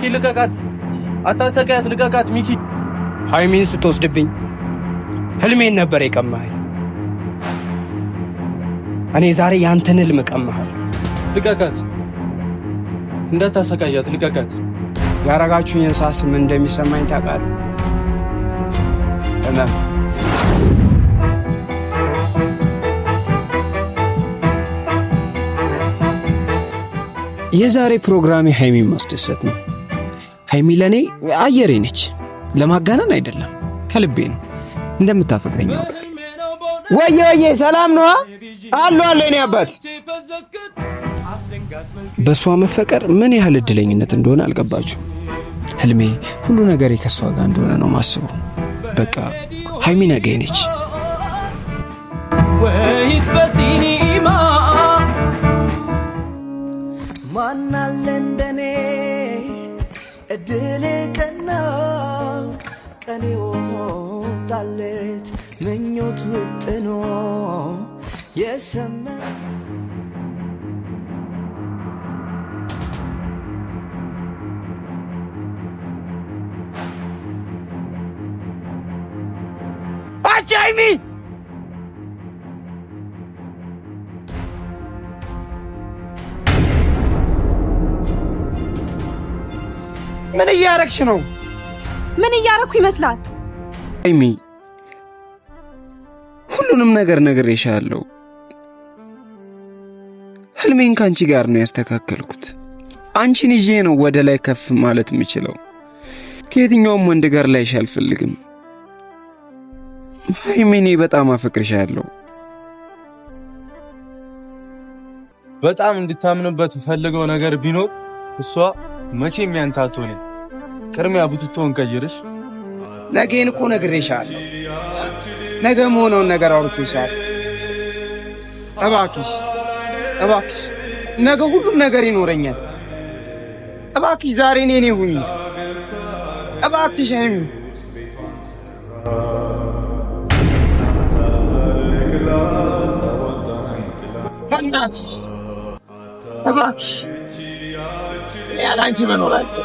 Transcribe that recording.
ሚኪ ልቀቃት፣ አታሰቃያት፣ ልቀቃት ሚኪ። ሀይሚን ስትወስድብኝ ህልሜን ነበር የቀማኸኝ። እኔ ዛሬ ያንተን ህልም ቀማሃል። ልቀቃት፣ እንዳታሰቃያት፣ ልቀቃት። ያረጋችሁኝን ሳስብ ስም እንደሚሰማኝ ታውቃለህ? እመም የዛሬ ፕሮግራሜ ሃይሚን ማስደሰት ነው። ሀይሚ ለእኔ አየሬ ነች። ለማጋነን አይደለም፣ ከልቤ ነው። እንደምታፈቅረኝ ያውቃል። ወየ ወየ፣ ሰላም ነዋ አሉ አለ እኔ አባት በእሷ መፈቀር ምን ያህል እድለኝነት እንደሆነ አልገባችሁ። ህልሜ ሁሉ ነገር የከሷ ጋር እንደሆነ ነው ማስበው። በቃ ሀይሚ ነገ ነች። ወይስ በሲኒማ ቀኔ ወጣለት ምኞት ውጥኖ የሰመ ጃይሚ ምን እያረግሽ ነው? ምን እያረኩ ይመስላል? ሀይሚ ሁሉንም ነገር ነግሬሻለሁ። ህልሜን ከአንቺ ጋር ነው ያስተካከልኩት። አንቺን ይዤ ነው ወደ ላይ ከፍ ማለት የምችለው። ከየትኛውም ወንድ ጋር ላይሽ አልፈልግም። ሀይሚ እኔ በጣም አፈቅርሻለሁ። በጣም እንድታምንበት ፈልገው ነገር ቢኖር እሷ መቼም ያንተ አትሆንም። ቅድሚያ ቡትቶን ቀይርሽ። ነገን እኮ ነግሬሻለሁ። ነገ መሆነውን ነገር አውርቼሻለሁ። እባክሽ እባክሽ፣ ነገ ሁሉም ነገር ይኖረኛል። እባክሽ ዛሬ እኔ ነኝ ሁኚ። እባክሽ አይሚ እናትሽ እባክሽ ያላንቺ መኖራቸው